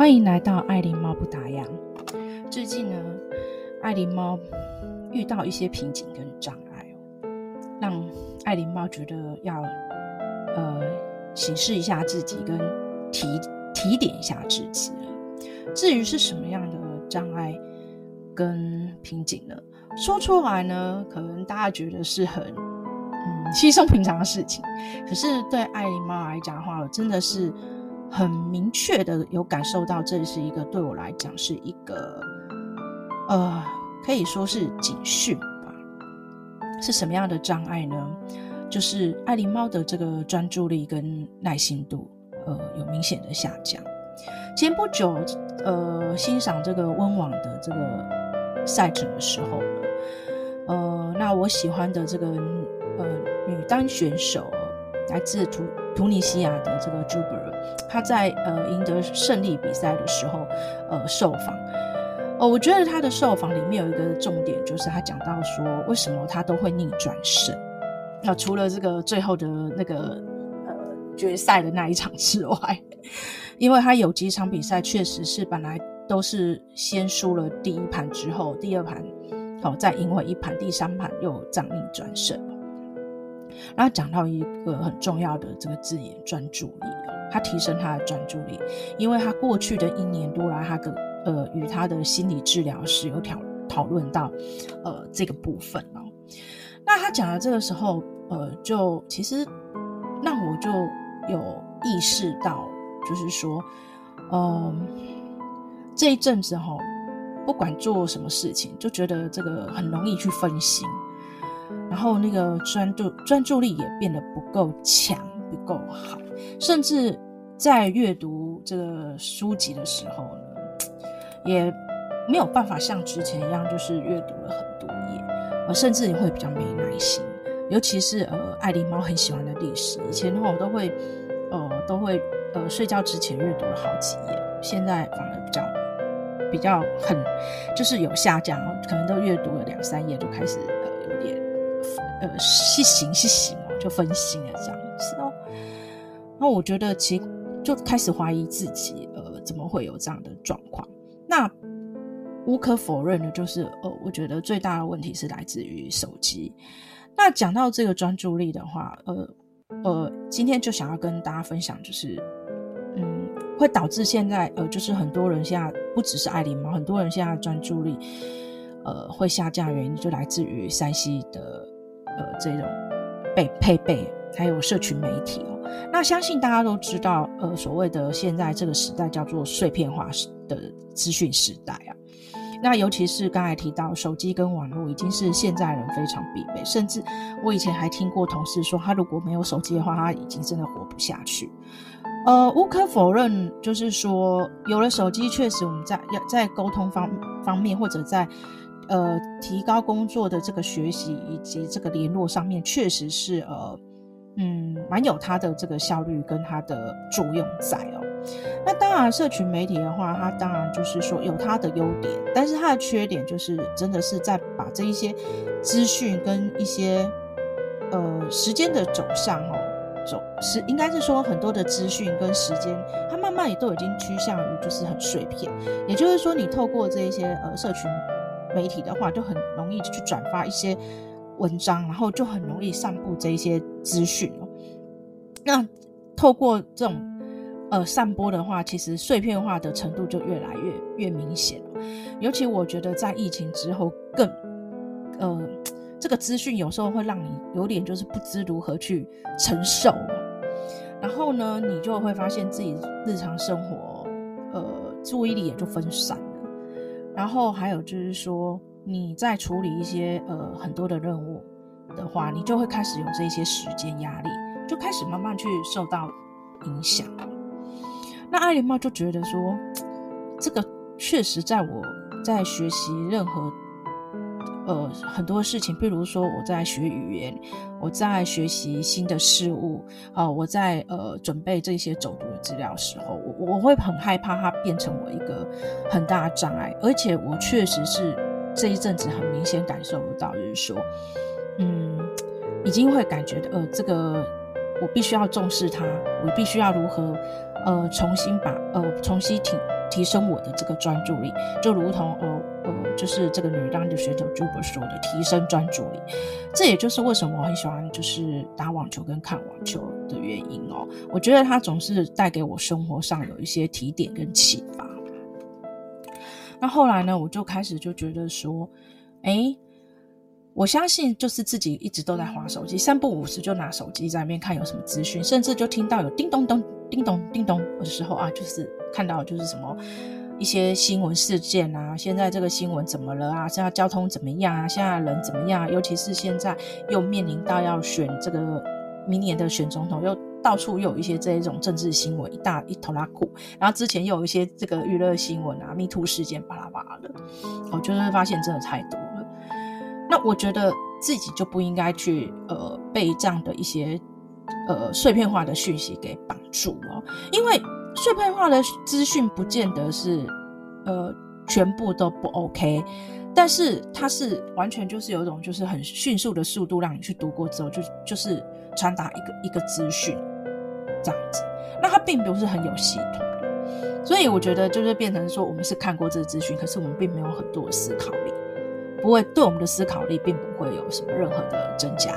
歡迎來到艾琳貓不打烊。最近呢，艾琳貓遇到一些瓶頸跟障礙，讓艾琳貓覺得要呃省視，一下自己，跟提提點一下自己了。至於是什麼樣的障礙跟瓶頸呢？說出來呢，可能大家覺得是很嗯稀鬆平常的事情，可是對艾琳貓來講的話，我真的是。很明確的有感受到，這是一個對我來講是一個，呃，可以說是警訊吧。是什麼樣的障礙呢？就是艾琳貓的這個專注力跟耐心度，呃，有明顯的下降。前不久，呃，欣賞這個溫網的這個賽程的時候呢，呃，那我喜歡的這個呃女單選手，來自突突尼西亞的這個朱伯爾，他在呃贏得勝利比賽的時候，呃受訪，哦、呃，我覺得他的受訪裡面有一個重點，就是他講到說，為什麼他都會逆轉勝？那、呃、除了這個最後的那個呃決賽的那一場之外，因為他有幾場比賽確實是本來都是先輸了第一盤之後，第二盤好、呃、再贏回一盤，第三盤又再逆轉勝。然後講到一個很重要的這個字眼，專注力，他提升他的專注力，因為他過去的一年多來、啊，他跟呃與他的心理治療師有討討論到，呃這個部分、哦、那他講到這個時候，呃就其實讓我就有意識到，就是說，嗯、呃、這一陣子哈、哦，不管做什麼事情，就覺得這個很容易去分心。然後那個專注專注力也變得不夠強，不夠好，甚至在閱讀這個書籍的時候呢，也沒有辦法像之前一樣，就是閱讀了很多頁，呃，甚至也會比較沒耐心。尤其是呃，艾琳貓很喜歡的歷史，以前的話我都會呃都會呃睡覺之前閱讀了好幾頁，現在反而比較比較很，就是有下降，可能都閱讀了兩三頁就開始。呃，是行是行哦，就分心了這樣子哦。那我覺得其實就開始懷疑自己，呃，怎麼會有這樣的狀況？那無可否認的，就是呃，我覺得最大的問題是來自於手機。那講到這個專注力的話，呃呃，今天就想要跟大家分享，就是嗯，會導致現在呃，就是很多人現在不只是艾琳貓，很多人現在專注力呃會下降的原因，就來自於 3C 的。呃，這種被配，配備還有社群媒體哦，那相信大家都知道，呃，所謂的現在這個時代叫做碎片化的資訊時代啊。那尤其是剛才提到手機跟網絡已經是現在人非常必備，甚至我以前還聽過同事說，他如果沒有手機的話，他已經真的活不下去。呃，無可否認，就是說有了手機，確實我們在要在溝通方方面或者在。呃，提高工作的這個學習以及這個聯絡上面，確實是呃，嗯，蠻有它的這個效率跟它的作用在哦。那當然，社群媒體的話，它當然就是說有它的優點，但是它的缺點就是真的是在把這一些資訊跟一些呃時間的走向哈、哦，走是應該是說很多的資訊跟時間，它慢慢也都已經趨向於就是很碎片。也就是說，你透過這一些呃社群。媒體的話，就很容易就去轉發一些文章，然後就很容易散布這些資訊哦。那透過這種呃散播的話，其實碎片化的程度就越來越越明顯了。尤其我覺得在疫情之後更，更呃這個資訊有時候會讓你有點就是不知如何去承受。然後呢，你就會發現自己日常生活呃注意力也就分散。然後還有就是說，你在處理一些呃很多的任務的話，你就會開始有這些時間壓力，就開始慢慢去受到影響。那艾琳貓就覺得說，這個確實在我在學習任何。呃，很多事情，比如說我在學語言，我在學習新的事物，啊、呃，我在呃準備這些走讀的資料的時候，我我會很害怕它變成我一個很大的障礙，而且我確實是這一陣子很明顯感受不到，就是說，嗯，已經會感覺呃，這個我必須要重視它，我必須要如何呃重新把呃重新挺。提升我的這個專注力，就如同呃、哦、呃，就是這個女單的選手朱伯說的，提升專注力。這也就是為什麼我很喜歡就是打網球跟看網球的原因哦。我覺得它總是帶給我生活上有一些提點跟啟發。那後來呢，我就開始就覺得說，哎，我相信就是自己一直都在滑手機，三不五時就拿手機在那邊看有什麼資訊，甚至就聽到有叮咚咚。叮咚叮咚的時候啊，就是看到就是什麼一些新聞事件啊，現在這個新聞怎麼了啊？現在交通怎麼樣啊？現在人怎麼樣啊？尤其是現在又面臨到要選這個明年的選總統，又到處又有一些這一種政治新聞，一大拖拉庫。然後之前又有一些這個娛樂新聞啊，Me Too 事件巴拉巴拉的，我、呃、就是發現真的太多了。那我覺得自己就不應該去呃被這樣的一些呃碎片化的訊息給綁主哦，因為碎片化的資訊不見得是，呃，全部都不 OK，但是它是完全就是有一種就是很迅速的速度讓你去讀過之後就就是傳達一個一個資訊這樣子，那它並不是很有系統的，所以我覺得就是變成說我們是看過這個資訊，可是我們並沒有很多的思考力，不會對我們的思考力並不會有什麼任何的增加。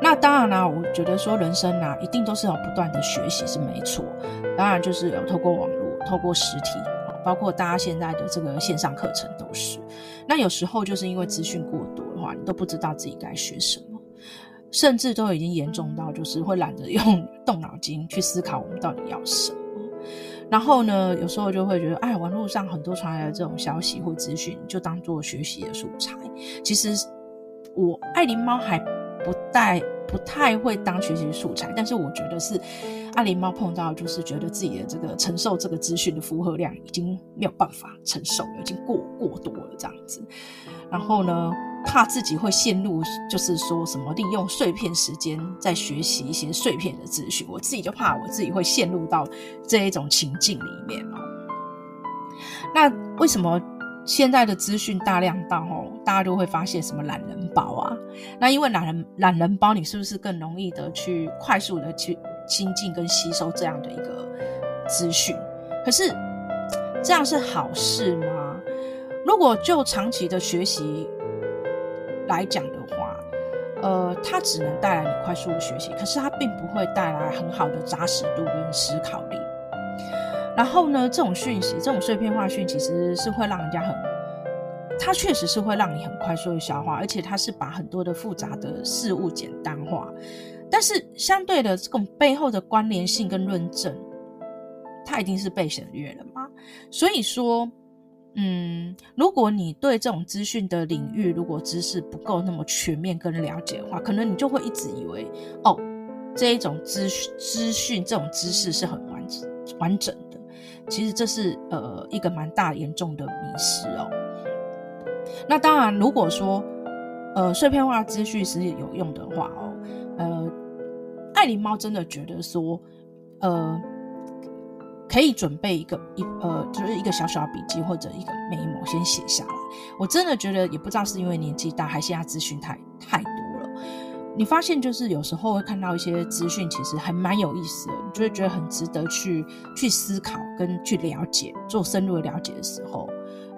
那當然啦、啊，我覺得說人生啦、啊，一定都是要不斷的學習是沒錯。當然就是有透過網絡，透過實體有沒有，包括大家現在的這個線上課程都是。那有時候就是因為資訊過多的話，你都不知道自己該學什麼，甚至都已經嚴重到就是會懶得用動腦筋去思考我們到底要什麼。然後呢，有時候就會覺得，哎，網絡上很多傳來的這種消息或資訊，就當做學習的素材。其實我艾琳貓還。不太不太會當學習素材，但是我覺得是，艾琳貓碰到就是覺得自己的這個承受這個資訊的負荷量已經沒有辦法承受了，已經過過多了這樣子。然後呢，怕自己會陷入就是說什麼利用碎片時間在學習一些碎片的資訊，我自己就怕我自己會陷入到這一種情境裡面哦。那為什麼現在的資訊大量到哦，大家都會發現什麼懶人包啊？那因為懶人懶人包，你是不是更容易的去快速的去親近跟吸收這樣的一個資訊？可是這樣是好事嗎？如果就長期的學習來講的話，呃，它只能帶來你快速的學習，可是它並不會帶來很好的扎實度跟思考力。然後呢，這種訊息，這種碎片化訊息，其實是會讓人家很。它確實是會讓你很快速的消化，而且它是把很多的複雜的事物簡單化，但是相對的，這種背後的關聯性跟論證，它一定是被省略了嘛？所以說，嗯，如果你對這種資訊的領域，如果知識不夠那麼全面跟了解的話，可能你就會一直以為，哦，這一種資資訊這種知識是很完整完整的，其實這是呃一個蠻大嚴重的迷失哦。那當然，如果說，呃，碎片化的資訊是有用的話哦，呃，艾琳貓真的覺得說，呃，可以準備一個一呃，就是一個小小筆記或者一個眉毛先寫下來。我真的覺得也不知道是因為年紀大，還是現在資訊太太多了。你發現就是有時候會看到一些資訊，其實還蠻有意思的，你就會覺得很值得去去思考跟去了解，做深入的了解的時候，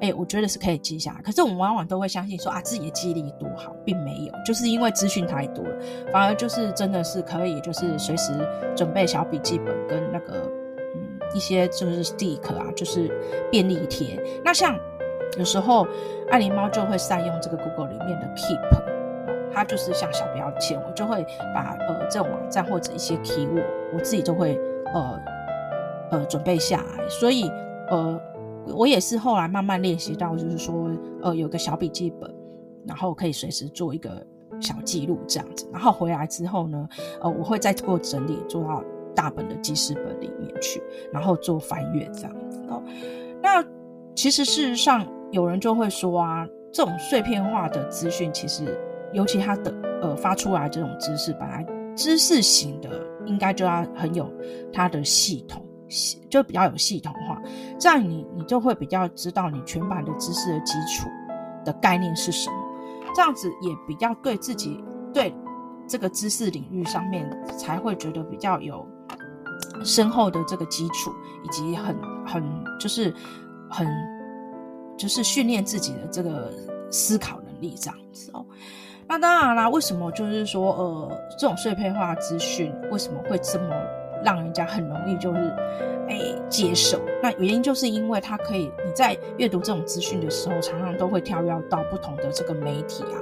哎、欸，我覺得是可以記下來，可是我們往往都會相信說啊，自己的記憶力多好，並沒有，就是因為資訊太多了，反而就是真的是可以，就是隨時準備小筆記本跟那個嗯一些就是 stick 啊，就是便利貼。那像有時候艾琳貓就會善用這個 Google 裡面的 Keep，啊、它就是像小標籤，我就會把呃這種網站或者一些 keyword 我我自己就會呃呃準備下來，所以呃。我也是後來慢慢練習到，就是說，呃，有個小筆記本，然後可以隨時做一個小記錄這樣子。然後回來之後呢，呃，我會再做整理，做到大本的記事本裡面去，然後做翻閱這樣子。哦，那其實事實上，有人就會說啊，這種碎片化的資訊，其實尤其他的呃發出來這種知識，本來知識型的，應該就要很有它的系統。系，就比較有系統化，這樣你你就會比較知道你全盤的知識的基礎的概念是什麼，這樣子也比較對自己對這個知識領域上面才會覺得比較有深厚的這個基礎，以及很很就是很就是訓練自己的這個思考能力這樣子哦。那當然啦，為什麼就是說呃這種碎片化資訊為什麼會這麼？讓人家很容易就是，誒、哎、接受。那原因就是因為它可以，你在閱讀這種資訊的時候，常常都會跳躍到不同的這個媒體啊，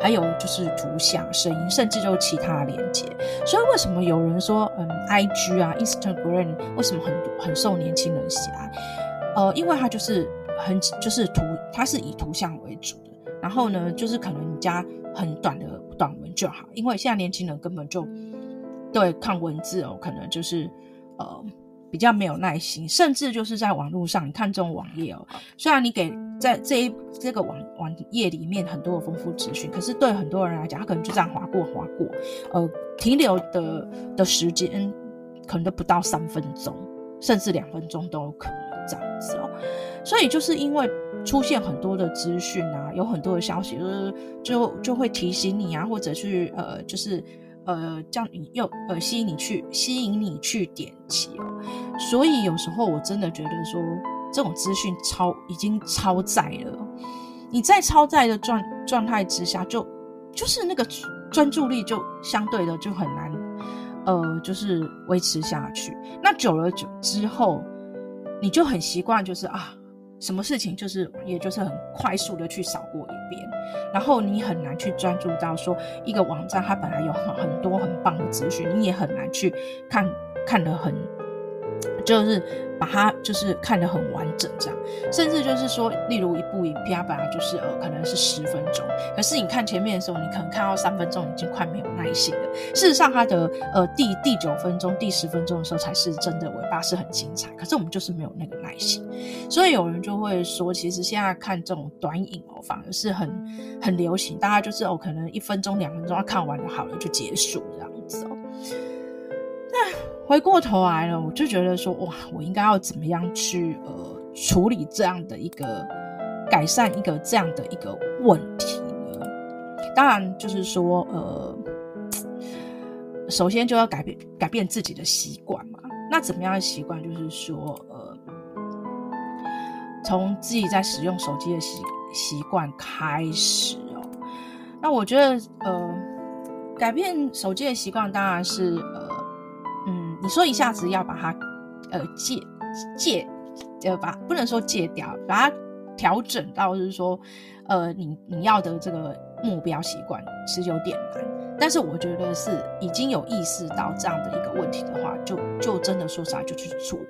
還有就是圖像、聲音，甚至就是其他的連接。所以為什麼有人說，嗯，IG 啊、Instagram 為什麼很很受年輕人喜愛？呃，因為它就是很就是圖，它是以圖像為主的。然後呢，就是可能你加很短的短文就好，因為現在年輕人根本就。對，看文字哦，可能就是，呃，比較沒有耐心，甚至就是在網絡上，你看這種網頁哦，雖然你給在這一這個網網頁裡面很多的豐富資訊，可是對很多人來講，他可能就這樣滑過滑過，呃，停留的的時間可能都不到三分鐘，甚至兩分鐘都有可能這樣子哦。所以就是因為出現很多的資訊啊，有很多的消息，就是就就會提醒你啊，或者去呃，就是。呃，這樣你又呃吸引你去吸引你去點擊喔，所以有時候我真的覺得說，這種資訊超，已經超載了，你在超載的狀狀態之下，就就是那個專注力就相對的就很難，呃，就是維持下去。那久了久之後，你就很習慣，就是啊。什麼事情就是，也就是很快速的去掃過一遍。然後你很難去專注到說，一個網站它本來有很很多很棒的資訊，你也很難去看，看得很。就是把它就是看得很完整這樣，甚至就是說，例如一部影片本來就是呃可能是十分鐘，可是你看前面的時候，你可能看到三分鐘已經快沒有耐心了。事實上，它的呃第第九分鐘、第十分鐘的時候才是真的尾巴是很精彩，可是我們就是沒有那個耐心。所以有人就會說，其實現在看這種短影哦，反而是很很流行，大家就是哦可能一分鐘、兩分鐘要看完就好了就結束這樣子哦。那回過頭來了，我就覺得說，哇，我應該要怎麼樣去呃處理這樣的一個改善一個這樣的一個問題呢？當然就是說，呃，首先就要改變改變自己的習慣嘛。那怎麼樣的習慣？就是說，呃，從自己在使用手機的習習慣開始哦。那我覺得，呃，改變手機的習慣當然是，呃。你說一下子要把它，呃，戒戒，呃，把不能說戒掉，把它調整到就是說，呃，你你要的這個目標習慣是有點難，但是我覺得是已經有意識到這樣的一個問題的話，就就真的說啥就去做。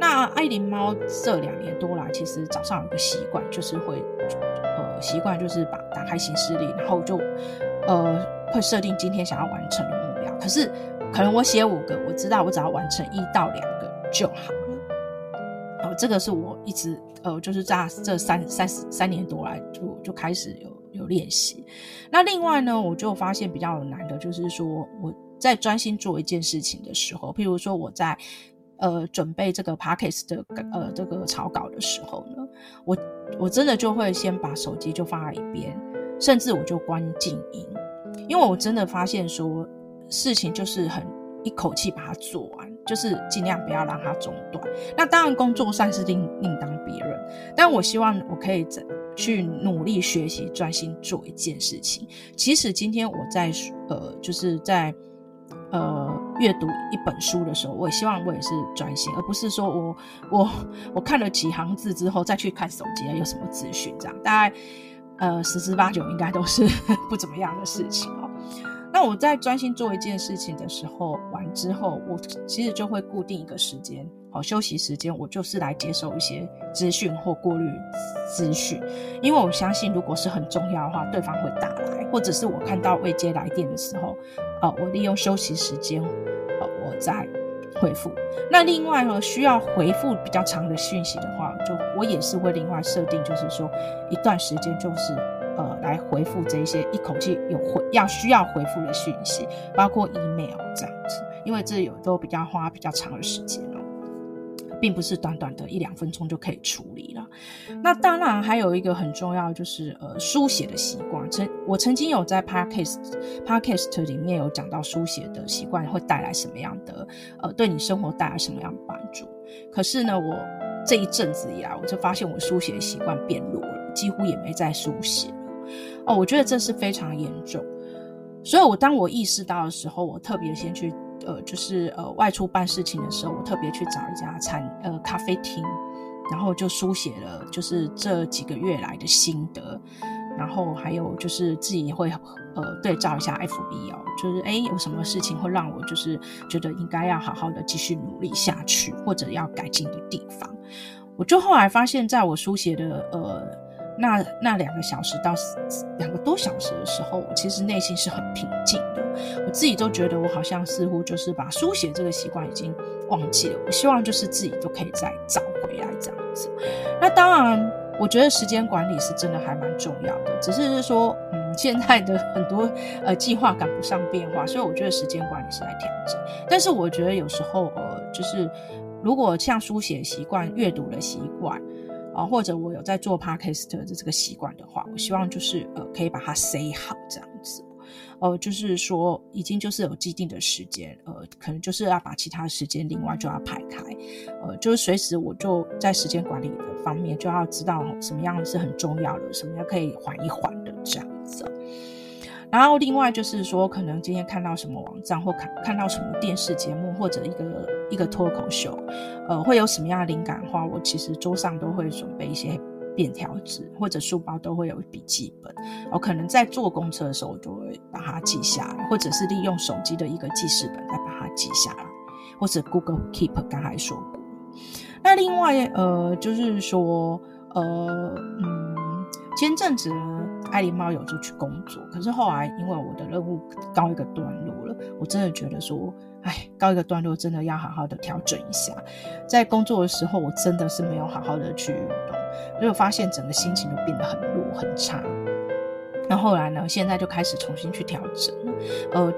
那艾琳貓這兩年多啦，其實早上有個習慣，就是會，呃，習慣就是把打開行事曆，然後就，呃，會設定今天想要完成的目標，可是。可能我寫五個，我知道我只要完成一到兩個就好了。好、哦，這個是我一直呃，就是在這三三三年多來就就開始有有練習。那另外呢，我就發現比較難的就是說我在專心做一件事情的時候，譬如說我在呃準備這個 Podcast 的呃這個草稿的時候呢，我我真的就會先把手機就放在一邊，甚至我就關靜音，因為我真的發現說。事情，就是很一口氣把它做完，就是盡量不要讓它中斷。那當然工作算是另另當別論，但我希望我可以再去努力學習，專心做一件事情。即使今天我在呃，就是在呃閱讀一本書的時候，我也希望我也是專心，而不是說我我我看了幾行字之後再去看手機啊，有什麼資訊這樣？大概呃十之八九應該都是不怎麼樣的事情哦、喔。那我在專心做一件事情的時候，完之後，我其實就會固定一個時間，好，呃，休息時間，我就是來接受一些資訊或過濾資訊。因為我相信，如果是很重要的話，對方會打來，或者是我看到未接來電的時候，呃，我利用休息時間，呃，我再回覆。那另外呢，需要回覆比較長的訊息的話，就我也是會另外設定，就是說一段時間就是。呃，來回覆這些，一口氣有回要需要回覆的訊息，包括 email 這樣子，因為這有都比較花比較長的時間哦，並不是短短的一兩分鐘就可以處理了。那當然還有一個很重要，就是呃，書寫的習慣。曾我曾經有在 podcast podcast 裡面有講到書寫的習慣會帶來什麼樣的，呃，對你生活帶來什麼樣的幫助。可是呢，我這一陣子以來，我就發現我書寫的習慣變弱了，幾乎也沒再書寫。哦，我覺得這是非常嚴重，所以我當我意識到的時候，我特別先去呃，就是呃外出辦事情的時候，我特別去找一家餐呃咖啡廳，然後就書寫了就是這幾個月來的心得，然後還有就是自己也會呃對照一下 F B O，哦，就是哎有什麼事情會讓我就是覺得應該要好好的繼續努力下去，或者要改進的地方，我就後來發現在我書寫的呃。那那兩個小時到兩個多小時的時候，我其實內心是很平靜的。我自己都覺得我好像似乎就是把書寫這個習慣已經忘記了。我希望就是自己都可以再找回來這樣子。那當然，我覺得時間管理是真的還蠻重要的。只是說，嗯，現在的很多呃計劃趕不上變化，所以我覺得時間管理是在調整。但是我覺得有時候呃，就是如果像書寫習慣、閱讀的習慣。啊，或者我有在做 Podcast 的這個習慣的話，我希望就是呃，可以把它塞好這樣子，呃，就是說已經就是有既定的時間，呃，可能就是要把其他時間另外就要排開，呃，就是隨時我就在時間管理的方面就要知道什麼樣是很重要的，什麼樣可以緩一緩。然後另外就是說，可能今天看到什麼網站或看看到什麼電視節目或者一個一個脫口秀，呃，會有什麼樣的靈感的話，我其實桌上都會準備一些便條紙或者書包都會有筆記本。我、呃、可能在坐公車的時候，我就會把它記下來，或者是利用手機的一個記事本再把它記下來，或者 Google Keep。剛才說過，那另外呃，就是說呃，嗯。前陣子，呢，艾琳貓有出去工作，可是後來因為我的任務告一個段落了，我真的覺得說，哎，告一個段落真的要好好的調整一下。在工作的時候，我真的是沒有好好的去運動，所以我發現整個心情就變得很弱很差。那後來呢，現在就開始重新去調整，了。呃，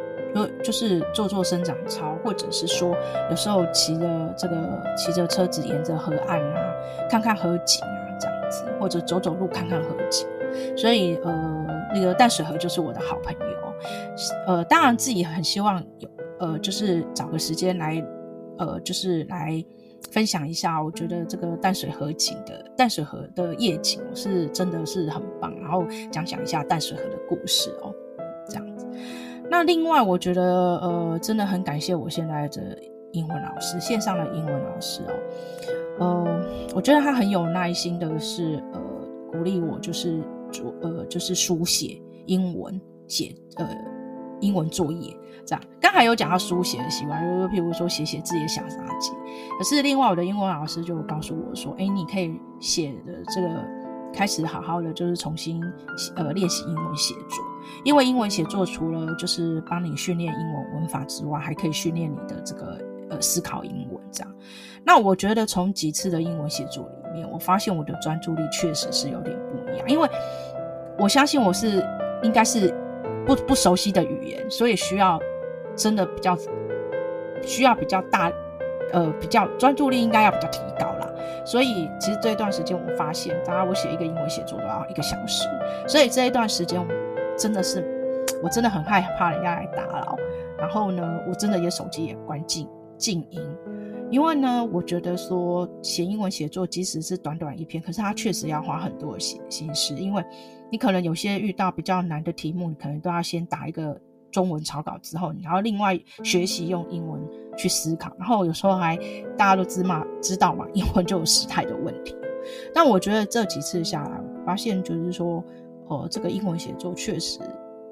就就是做做伸展操，或者是說有時候騎着這個騎着車子沿着河岸啊，看看河景，啊。或者走走路看看河景，所以呃，那個淡水河就是我的好朋友。呃，當然自己很希望有呃，就是找個時間來，呃，就是來分享一下，我覺得這個淡水河景，的淡水河的夜景是真的是很棒。然後講講一下淡水河的故事哦，這樣子。那另外我覺得呃，真的很感謝我現在的英文老師，線上的英文老師哦。呃，我覺得他很有耐心的是，呃，鼓勵我就是呃，就是書寫英文，寫，呃，英文作業這樣。剛才有講到書寫的習慣，因、就是、譬如說寫寫字也想垃圾。可是另外我的英文老師就告訴我說，哎，你可以寫的這個開始好好的就是重新呃練習英文寫作，因為英文寫作除了就是幫你訓練英文文法之外，還可以訓練你的這個。呃，思考英文這樣，那我覺得從幾次的英文寫作裡面，我發現我的專注力確實是有點不一樣。因為我相信我是應該是不不熟悉的語言，所以需要真的比較需要比較大呃比較專注力，應該要比較提高啦。所以其實這一段時間，我發現，當然我寫一個英文寫作都要一個小時，所以這一段時間真的是我真的很害怕人家來打擾。然後呢，我真的也手機也關靜，靜音，因為呢，我覺得說寫英文寫作，即使是短短一篇，可是它確實要花很多的心思，因為你可能有些遇到比較難的題目，你可能都要先打一個中文草稿，之後你要另外學習用英文去思考，然後有時候還大家都知嘛知道嘛，英文就有時態的問題。但我覺得這幾次下來，我發現就是說，呃，這個英文寫作確實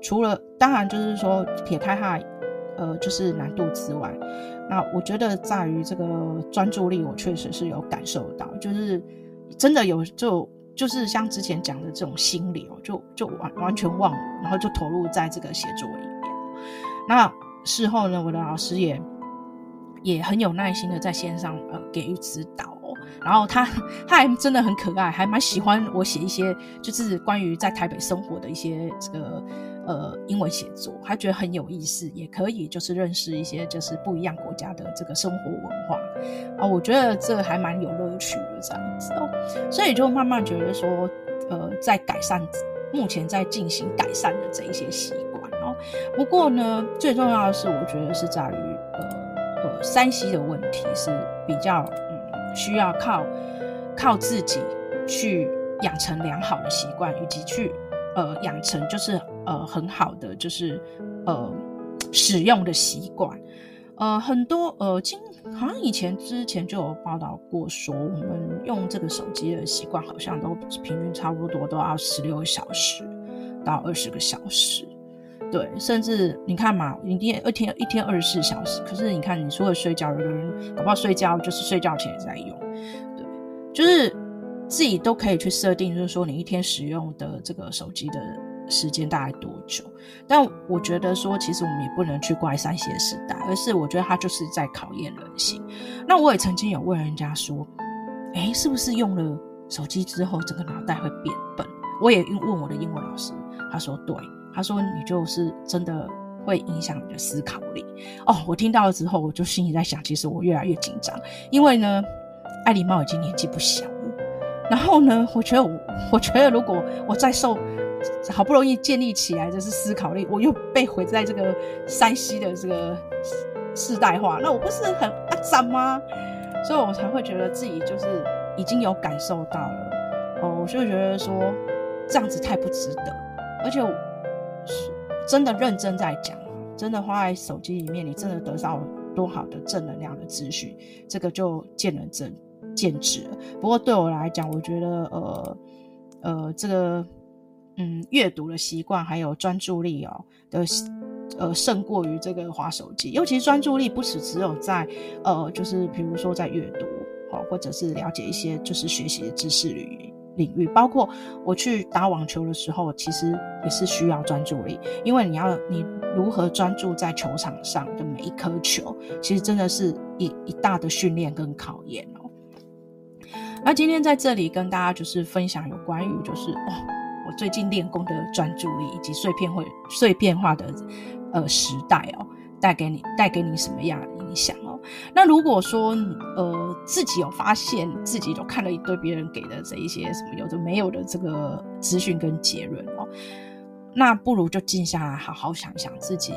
除了當然就是說撇開它。呃，就是難度之外，那我覺得在於這個專注力，我確實是有感受到，就是真的有就就是像之前講的這種心理哦，就就完完全忘了，然後就投入在這個寫作裡面。那事後呢，我的老師也也很有耐心的在線上呃給予指導哦，然後他他還真的很可愛，還蠻喜歡我寫一些就是關於在台北生活的一些這個。呃，英文寫作，還覺得很有意思，也可以就是認識一些就是不一樣國家的這個生活文化，啊、呃，我覺得這還蠻有樂趣的這樣子哦、喔，所以就慢慢覺得說，呃，在改善目前在進行改善的這一些習慣，哦。不過呢，最重要的是我覺得是在於呃，呃，山西的問題是比較嗯需要靠靠自己去養成良好的習慣，以及去呃養成就是。呃，很好的就是，呃，使用的習慣，呃，很多呃，經好像以前之前就有報道過，說我們用這個手機的習慣，好像都平均差不多都要十六個小時到二十個小時，對，甚至你看嘛，你一天一天一天二十四小時，可是你看，你除了睡覺，有的人搞不好睡覺就是睡覺前也在用，對，就是自己都可以去設定，就是說你一天使用的這個手機的。時間大概多久？但我覺得說，其實我們也不能去怪三 C 的時代，而是我覺得他就是在考驗人性。那我也曾經有問人家說，誒、欸，是不是用了手機之後，這個腦袋會變笨？我也問問我的英文老師，他說對，他說你就是真的會影響你的思考力。哦，我聽到了之後，我就心裡在想，其實我越來越緊張，因為呢，艾琳貓已經年紀不小了。然後呢，我覺得我，我覺得如果我再受。好不容易建立起來這是思考力，我又被毀在這個山西的這個世代化，那我不是很阿展嗎？所以，我才會覺得自己就是已經有感受到了哦，我就覺得說這樣子太不值得，而且我是真的認真在講，真的花在手機裡面，你真的得到多好的正能量的資訊，這個就見仁見智了。不過對我來講，我覺得呃呃這個。嗯，閱讀的習慣還有專注力哦的，呃，勝過於這個滑手機。尤其是專注力，不是只、只有在，呃，就是比如說在閱讀，哦，或者是了解一些就是學習的知識領域、領域。包括我去打網球的時候，其實也是需要專注力，因為你要你如何專注在球場上的每一顆球，其實真的是一一大的訓練跟考驗哦。那今天在這裡跟大家就是分享有關於就是哦。我最近練功的專注力，以及碎片化、碎片化的呃時代哦，帶給你帶給你什麼樣的影響哦？那如果說呃自己有發現自己都看了一堆別人給的這一些什麼有的沒有的這個資訊跟結論哦，那不如就靜下來，好好想想自己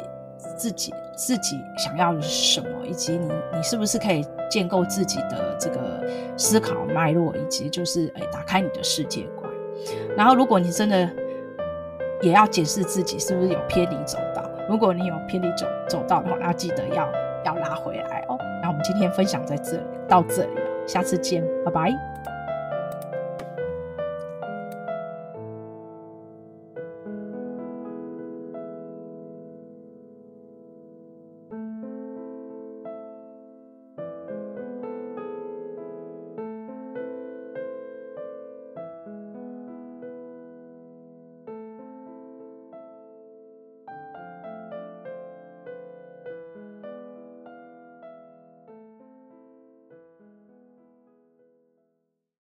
自己自己，自己想要的是什麼，以及你你是不是可以建構自己的這個思考脈絡，以及就是哎、欸、打開你的世界。然後，如果你真的也要解釋自己是不是有偏離走道？如果你有偏離走走道的話，那記得要要拉回來哦。那我們今天分享在這裡，到這裡，下次見，拜拜。